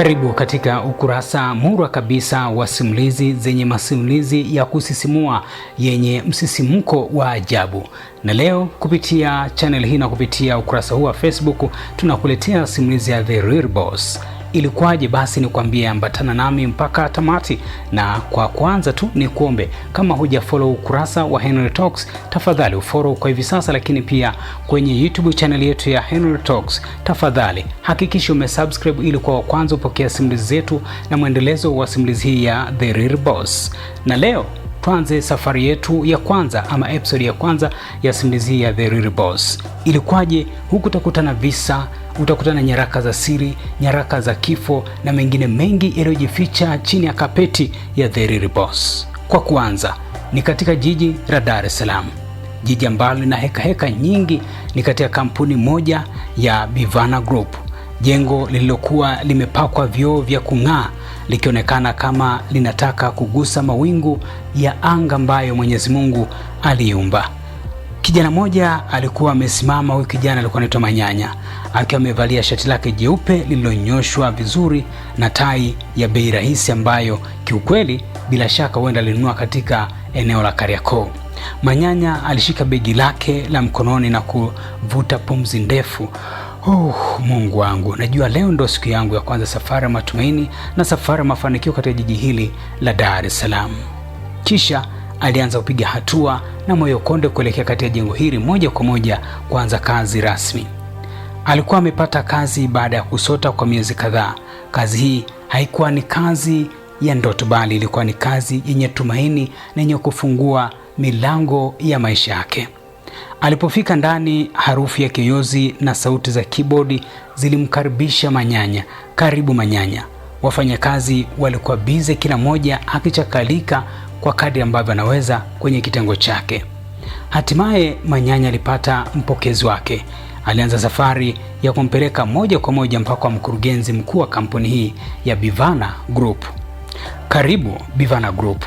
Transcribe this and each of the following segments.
Karibu katika ukurasa murwa kabisa wa simulizi zenye masimulizi ya kusisimua yenye msisimko wa ajabu. Na leo kupitia channel hii na kupitia ukurasa huu wa Facebook tunakuletea simulizi ya The Real Boss ilikuwaje? Basi nikwambie, ambatana nami mpaka tamati, na kwa kwanza tu ni kuombe, kama huja follow ukurasa wa Henry Talks, tafadhali ufollow kwa hivi sasa, lakini pia kwenye YouTube channel yetu ya Henry Talks, tafadhali hakikisha umesubscribe ili kwa kwanza upokea simulizi zetu na mwendelezo wa simulizi hii ya The Real Boss. Na leo tuanze safari yetu ya kwanza ama episode ya kwanza ya simulizi ya The Real Boss. Ilikuwaje huku? Utakutana visa, utakutana nyaraka za siri, nyaraka za kifo na mengine mengi yaliyojificha chini ya kapeti ya The Real Boss. Kwa kuanza, ni katika jiji la Dar es Salaam, jiji ambalo lina hekaheka nyingi. Ni katika kampuni moja ya Bivana Group, jengo lililokuwa limepakwa vioo vya kung'aa likionekana kama linataka kugusa mawingu ya anga ambayo Mwenyezi Mungu aliumba. Kijana mmoja alikuwa amesimama, huyu kijana alikuwa anaitwa Manyanya, akiwa amevalia shati lake jeupe lililonyoshwa vizuri na tai ya bei rahisi ambayo kiukweli bila shaka huenda alinunua katika eneo la Kariakoo. Manyanya alishika begi lake la mkononi na kuvuta pumzi ndefu Oh, Mungu wangu, najua leo ndo siku yangu ya kwanza safari ya matumaini na safari ya mafanikio katika jiji hili la Dar es Salaam. Kisha alianza kupiga hatua na moyo konde kuelekea katika jengo hili moja kwa moja kuanza kazi rasmi. Alikuwa amepata kazi baada ya kusota kwa miezi kadhaa. Kazi hii haikuwa ni kazi ya ndoto, bali ilikuwa ni kazi yenye tumaini na yenye kufungua milango ya maisha yake. Alipofika ndani, harufu ya kiyozi na sauti za kibodi zilimkaribisha Manyanya. Karibu Manyanya. Wafanyakazi walikuwa bize, kila mmoja akichakalika kwa kadri ambavyo anaweza kwenye kitengo chake. Hatimaye Manyanya alipata mpokezi wake. Alianza safari ya kumpeleka moja kwa moja mpaka kwa mkurugenzi mkuu wa kampuni hii ya Bivana Group. Karibu Bivana Group,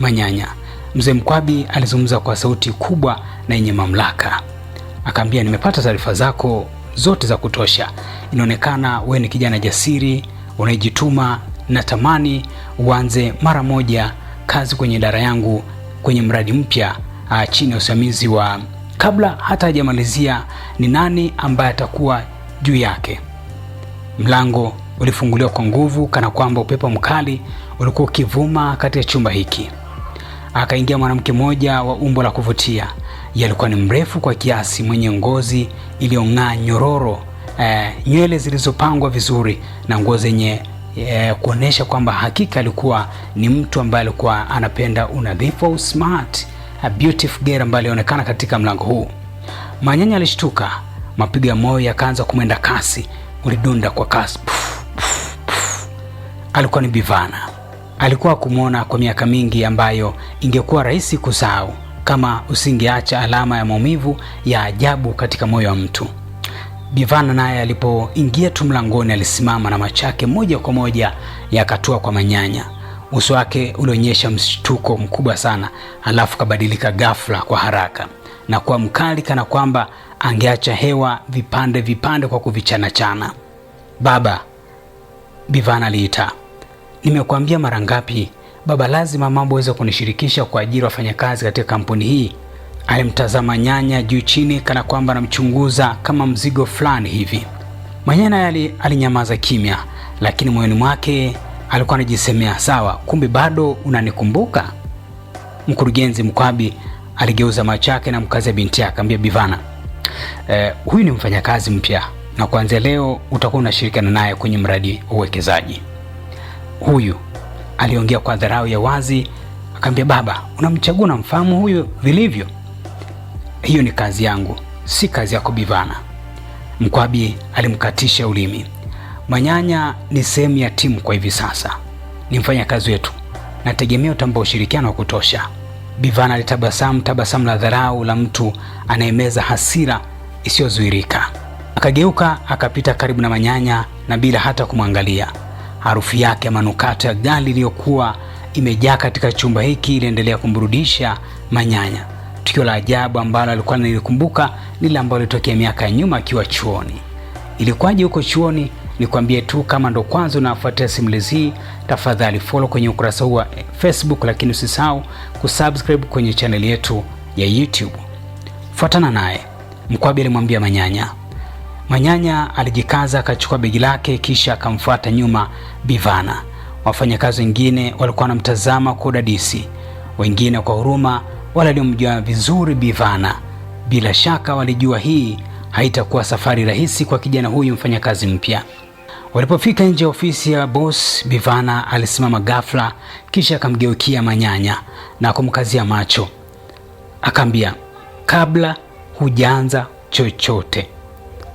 Manyanya. Mzee Mkwabi alizungumza kwa sauti kubwa na yenye mamlaka, akaambia, nimepata taarifa zako zote za kutosha. Inaonekana wewe ni kijana jasiri, unajituma na tamani uanze mara moja kazi kwenye idara yangu kwenye mradi mpya ah, chini ya usimamizi wa. Kabla hata hajamalizia ni nani ambaye atakuwa juu yake, mlango ulifunguliwa kwa nguvu, kana kwamba upepo mkali ulikuwa ukivuma kati ya chumba hiki akaingia mwanamke mmoja wa umbo la kuvutia. Yeye alikuwa ni mrefu kwa kiasi, mwenye ngozi iliyong'aa nyororo, e, nywele zilizopangwa vizuri na nguo zenye e, eh, kuonesha kwamba hakika alikuwa ni mtu ambaye alikuwa anapenda unadhifu au smart, a beautiful girl ambaye alionekana katika mlango huu. Manyanya alishtuka, mapigo ya moyo yakaanza kumwenda kasi, ulidunda kwa kasi. Puff, puff, puff. Alikuwa ni Bivana alikuwa kumwona kwa miaka mingi ambayo ingekuwa rahisi kusahau kama usingeacha alama ya maumivu ya ajabu katika moyo wa mtu. Bivana naye alipoingia tu mlangoni alisimama na machake moja kwa moja yakatua kwa manyanya. Uso wake ulionyesha mshtuko mkubwa sana, alafu kabadilika ghafla kwa haraka na kuwa mkali, kana kwamba angeacha hewa vipande vipande kwa kuvichanachana. Baba, Bivana aliita. Nimekuambia mara ngapi baba, lazima mambo aweze kunishirikisha kwa ajili ya wafanyakazi katika kampuni hii. Alimtazama nyanya juu chini, kana kwamba anamchunguza kama mzigo fulani hivi. Manyana yali alinyamaza kimya, lakini moyoni mwake alikuwa anajisemea, sawa, kumbe bado unanikumbuka. Mkurugenzi Mkwabi aligeuza macho yake na mkazi binti yake, akamwambia Bivana, eh, huyu ni mfanyakazi mpya na kuanzia leo utakuwa unashirikiana naye kwenye mradi wa uwekezaji huyu. Aliongea kwa dharau ya wazi, akamwambia, baba, unamchagua mfamu huyu vilivyo. Hiyo ni kazi yangu, si kazi yako Bivana. Mkwabi alimkatisha ulimi. Manyanya ni sehemu ya timu kwa hivi sasa, ni mfanyakazi wetu, nategemea utamba ushirikiano wa kutosha. Bivana alitabasamu tabasamu la dharau la mtu anayemeza hasira isiyozuirika. Akageuka akapita karibu na Manyanya na bila hata kumwangalia Harufu yake ya manukato ya gari iliyokuwa imejaa katika chumba hiki iliendelea kumrudisha manyanya. Tukio la ajabu ambalo alikuwa nilikumbuka lile ambalo lilitokea miaka ya nyuma akiwa chuoni. Ilikuwaje huko chuoni? Nikwambie tu kama ndo kwanza unafuatia simulizi hii, tafadhali follow kwenye ukurasa huu wa Facebook, lakini usisahau kusubscribe kwenye chaneli yetu ya YouTube. Fuatana naye Mkwabi alimwambia Manyanya Manyanya alijikaza akachukua begi lake kisha akamfuata nyuma Bivana. Wafanyakazi wengine walikuwa wanamtazama kwa udadisi, wengine kwa huruma, wale waliomjua vizuri Bivana. Bila shaka walijua hii haitakuwa safari rahisi kwa kijana huyu mfanyakazi mpya. Walipofika nje ya ofisi ya boss, Bivana alisimama ghafla, kisha akamgeukia Manyanya na kumkazia macho, akaambia, kabla hujaanza chochote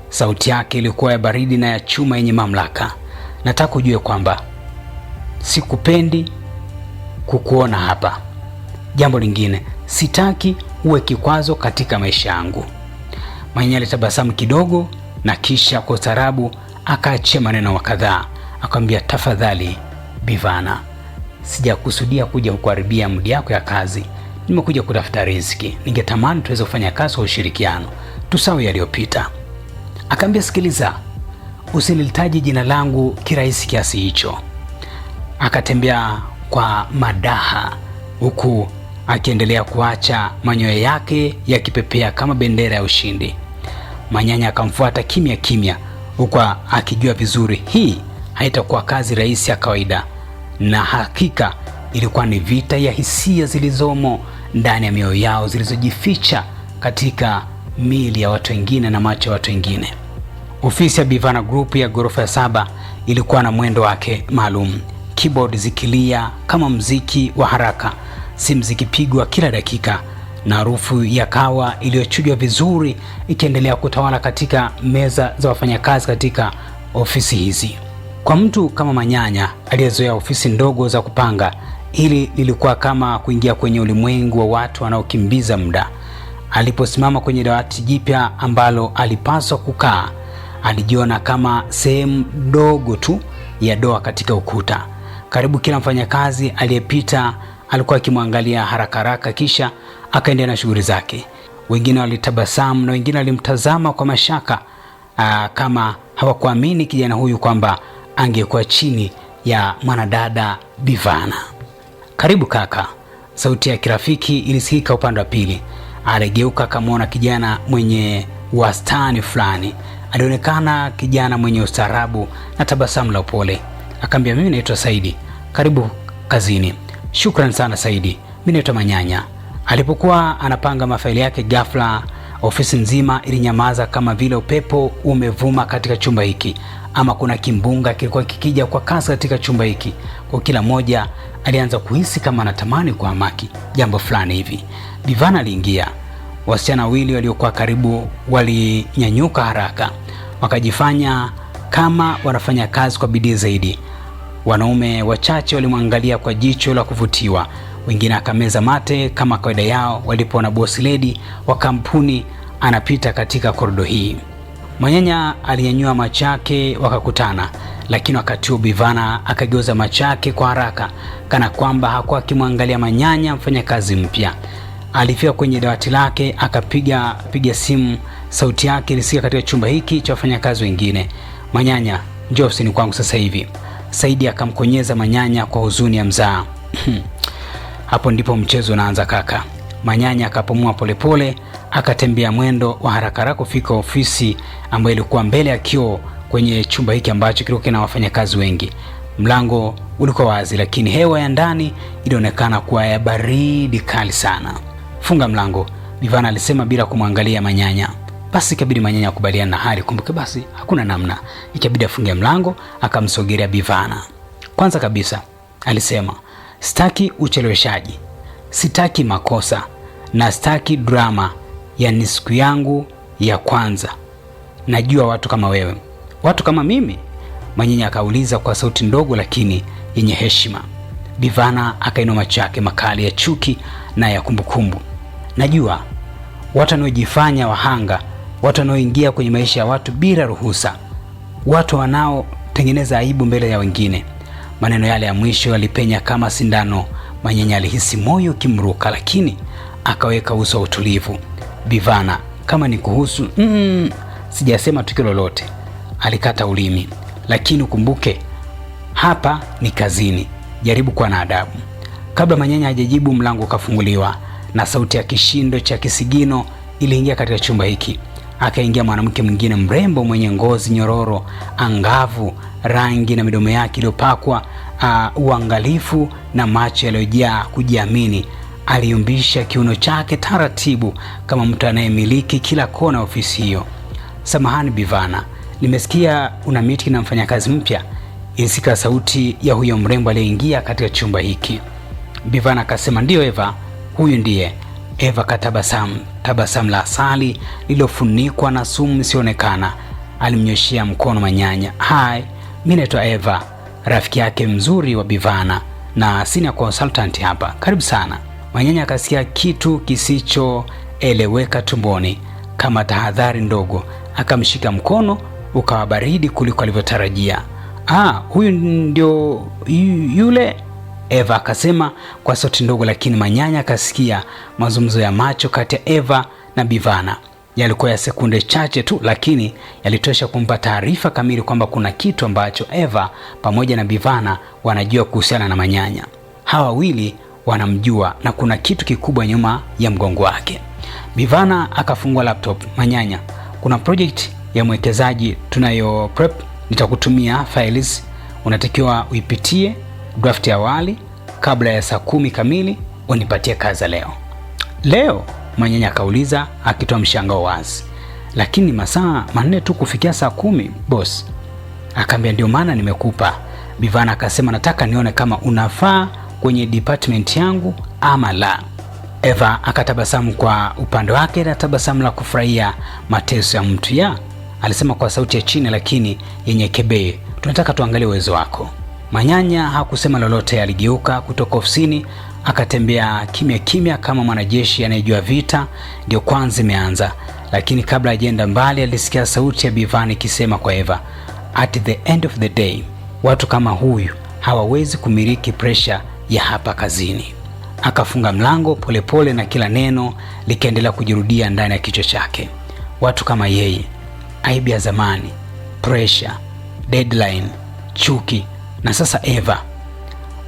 Sauti yake ilikuwa ya baridi na ya chuma yenye mamlaka. Nataka ujue kwamba sikupendi kukuona hapa. Jambo lingine, sitaki uwe kikwazo katika maisha yangu. Manyanya alitabasamu kidogo na kisha kwa ustaarabu akaachia maneno kadhaa, akamwambia, tafadhali Bivana, sijakusudia kuja kukuharibia mudi yako ya kazi. Nimekuja kutafuta riziki, ningetamani tuweze kufanya kazi kwa ushirikiano, tusawe yaliyopita. Akaambia, sikiliza, usilitaji jina langu kirahisi kiasi hicho. Akatembea kwa madaha, huku akiendelea kuacha manyoya yake yakipepea kama bendera ya ushindi. Manyanya akamfuata kimya kimya, huku akijua vizuri hii haitakuwa kazi rahisi ya kawaida, na hakika ilikuwa ni vita ya hisia zilizomo ndani ya mioyo yao zilizojificha katika miili ya watu wengine na macho ya watu wengine. Ofisi ya Bivana Group ya ghorofa ya saba ilikuwa na mwendo wake maalum, keyboard zikilia kama mziki wa haraka, simu zikipigwa kila dakika na harufu ya kawa iliyochujwa vizuri ikiendelea kutawala katika meza za wafanyakazi katika ofisi hizi. Kwa mtu kama Manyanya aliyezoea ofisi ndogo za kupanga, hili lilikuwa kama kuingia kwenye ulimwengu wa watu wanaokimbiza muda. Aliposimama kwenye dawati jipya ambalo alipaswa kukaa, alijiona kama sehemu dogo tu ya doa katika ukuta. Karibu kila mfanyakazi aliyepita alikuwa akimwangalia haraka haraka, kisha akaendelea na shughuli zake. Wengine walitabasamu na wengine walimtazama kwa mashaka, aa, ah, kama hawakuamini kijana huyu kwamba angekuwa chini ya mwanadada Bivana. Karibu kaka, sauti ya kirafiki ilisikika upande wa pili aligeuka akamwona kijana mwenye wastani fulani. Alionekana kijana mwenye ustaarabu na tabasamu la upole. Akaambia, mimi naitwa Saidi, karibu kazini. Shukran sana Saidi, mimi naitwa Manyanya. Alipokuwa anapanga mafaili yake, ghafla ofisi nzima ilinyamaza, kama vile upepo umevuma katika chumba hiki, ama kuna kimbunga kilikuwa kikija kwa kasi katika chumba hiki. Kwa kila mmoja alianza kuhisi kama anatamani kuhamaki jambo fulani hivi. Divana aliingia. Wasichana wawili waliokuwa karibu walinyanyuka haraka, wakajifanya kama wanafanya kazi kwa bidii zaidi. Wanaume wachache walimwangalia kwa jicho la kuvutiwa, wengine akameza mate kama kawaida yao walipoona bosi ledi wa kampuni anapita katika korido hii. Mwanyanya alinyanyua macho yake, wakakutana, lakini wakati huo Bivana akageuza macho yake kwa haraka, kana kwamba hakuwa akimwangalia Manyanya, mfanyakazi mpya alifika kwenye dawati lake akapiga piga simu, sauti yake ilisikika katika chumba hiki cha wafanyakazi wengine. Manyanya, njoo ofisini kwangu sasa hivi. Saidi akamkonyeza Manyanya kwa huzuni ya mzaa. Hapo ndipo mchezo unaanza kaka. Manyanya akapumua polepole, akatembea mwendo wa haraka haraka kufika ofisi ambayo ilikuwa mbele ya kioo kwenye chumba hiki ambacho kilikuwa kina wafanyakazi wengi. Mlango ulikuwa wazi, lakini hewa ya ndani ilionekana kuwa ya baridi kali sana funga mlango, Mivana alisema bila kumwangalia Manyanya. Basi ikabidi Manyanya akubaliana na hali. Kumbuke basi hakuna namna, ikabidi afunge mlango, akamsogelea Bivana. Kwanza kabisa alisema, sitaki ucheleweshaji, sitaki makosa na sitaki drama. Yani siku yangu ya kwanza, najua watu kama wewe, watu kama mimi? Manyanya akauliza kwa sauti ndogo lakini yenye heshima. Bivana akainua macho yake makali ya chuki na ya kumbukumbu. Najua watu wanaojifanya wahanga, watu wanaoingia kwenye maisha ya watu bila ruhusa, watu wanaotengeneza aibu mbele ya wengine. Maneno yale ya mwisho yalipenya kama sindano. Manyenye alihisi moyo ukimruka, lakini akaweka uso wa utulivu. Bivana, kama ni kuhusu mm, sijasema tukio lolote. Alikata ulimi, lakini ukumbuke hapa ni kazini, jaribu kuwa na adabu. Kabla Manyanya hajajibu, mlango ukafunguliwa na sauti ya kishindo cha kisigino iliingia katika chumba hiki. Akaingia mwanamke mwingine mrembo mwenye ngozi nyororo angavu, rangi na midomo yake iliyopakwa uh, uangalifu na macho yaliyojaa kujiamini. aliumbisha kiuno chake taratibu kama mtu anayemiliki kila kona ofisi hiyo. Samahani Bivana, nimesikia una meeting na mfanyakazi mpya, ilisika sauti ya huyo mrembo aliyeingia katika chumba hiki. Bivana akasema, ndiyo Eva, Huyu ndiye Eva katabasamu, tabasamu la asali lililofunikwa na sumu isiyoonekana. Alimnyoshia mkono Manyanya. Hai, mimi naitwa Eva, rafiki yake mzuri wa Bivana na senior consultant hapa, karibu sana. Manyanya akasikia kitu kisichoeleweka tumboni. Kama tahadhari ndogo, akamshika mkono, ukawa baridi kuliko alivyotarajia. Ah, huyu ndio yule Eva akasema kwa sauti ndogo, lakini Manyanya akasikia. Mazungumzo ya macho kati ya Eva na Bivana yalikuwa ya sekunde chache tu, lakini yalitosha kumpa taarifa kamili kwamba kuna kitu ambacho Eva pamoja na Bivana wanajua kuhusiana na Manyanya. Hawa wawili wanamjua na kuna kitu kikubwa nyuma ya mgongo wake. Bivana akafungua laptop. Manyanya, kuna project ya mwekezaji tunayo prep, nitakutumia files, unatakiwa uipitie draft ya awali kabla ya saa kumi kamili unipatie kazi leo. Leo Manyanya akauliza akitoa mshangao wazi, lakini masaa manne tu kufikia saa kumi boss? Akaambia ndio maana nimekupa. Bivana akasema nataka nione kama unafaa kwenye department yangu ama la. Eva akatabasamu kwa upande wake na tabasamu la kufurahia mateso ya mtu ya, alisema kwa sauti ya chini lakini yenye kebei, tunataka tuangalie uwezo wako. Manyanya hakusema lolote, aligeuka kutoka ofisini akatembea kimya kimya kama mwanajeshi anayejua vita ndio kwanza imeanza. Lakini kabla ajenda mbali, alisikia sauti ya Bivani ikisema kwa Eva, at the end of the day watu kama huyu hawawezi kumiliki presha ya hapa kazini. Akafunga mlango polepole pole, na kila neno likaendelea kujirudia ndani ya kichwa chake. Watu kama yeye, aibu ya zamani, presha, deadline, chuki na sasa Eva.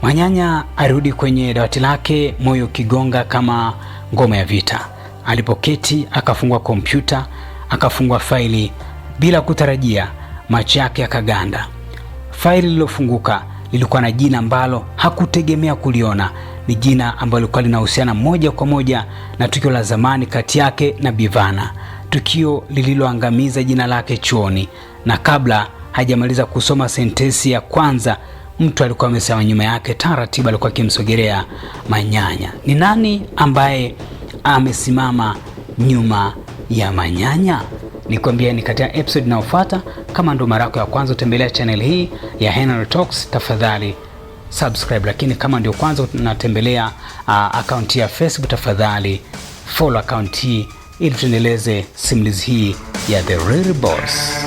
Manyanya arudi kwenye dawati lake, moyo ukigonga kama ngoma ya vita. Alipoketi akafungua kompyuta, akafungua faili bila kutarajia, macho yake yakaganda. Faili lililofunguka lilikuwa na jina ambalo hakutegemea kuliona. Ni jina ambalo lilikuwa linahusiana moja kwa moja na tukio la zamani kati yake na Bivana, tukio lililoangamiza jina lake chuoni na kabla hajamaliza kusoma sentensi ya kwanza, mtu alikuwa amesimama nyuma yake taratibu, alikuwa akimsogelea Manyanya. Ni nani ambaye amesimama nyuma ya Manyanya? Nikwambia ni katika episode inayofuata. Kama ndo mara yako ya kwanza utembelea channel hii ya Henry Talks, tafadhali subscribe, lakini kama ndio kwanza unatembelea uh, akaunti ya Facebook, tafadhali follow akaunti hii ili tuendeleze simulizi hii ya The Real Boss.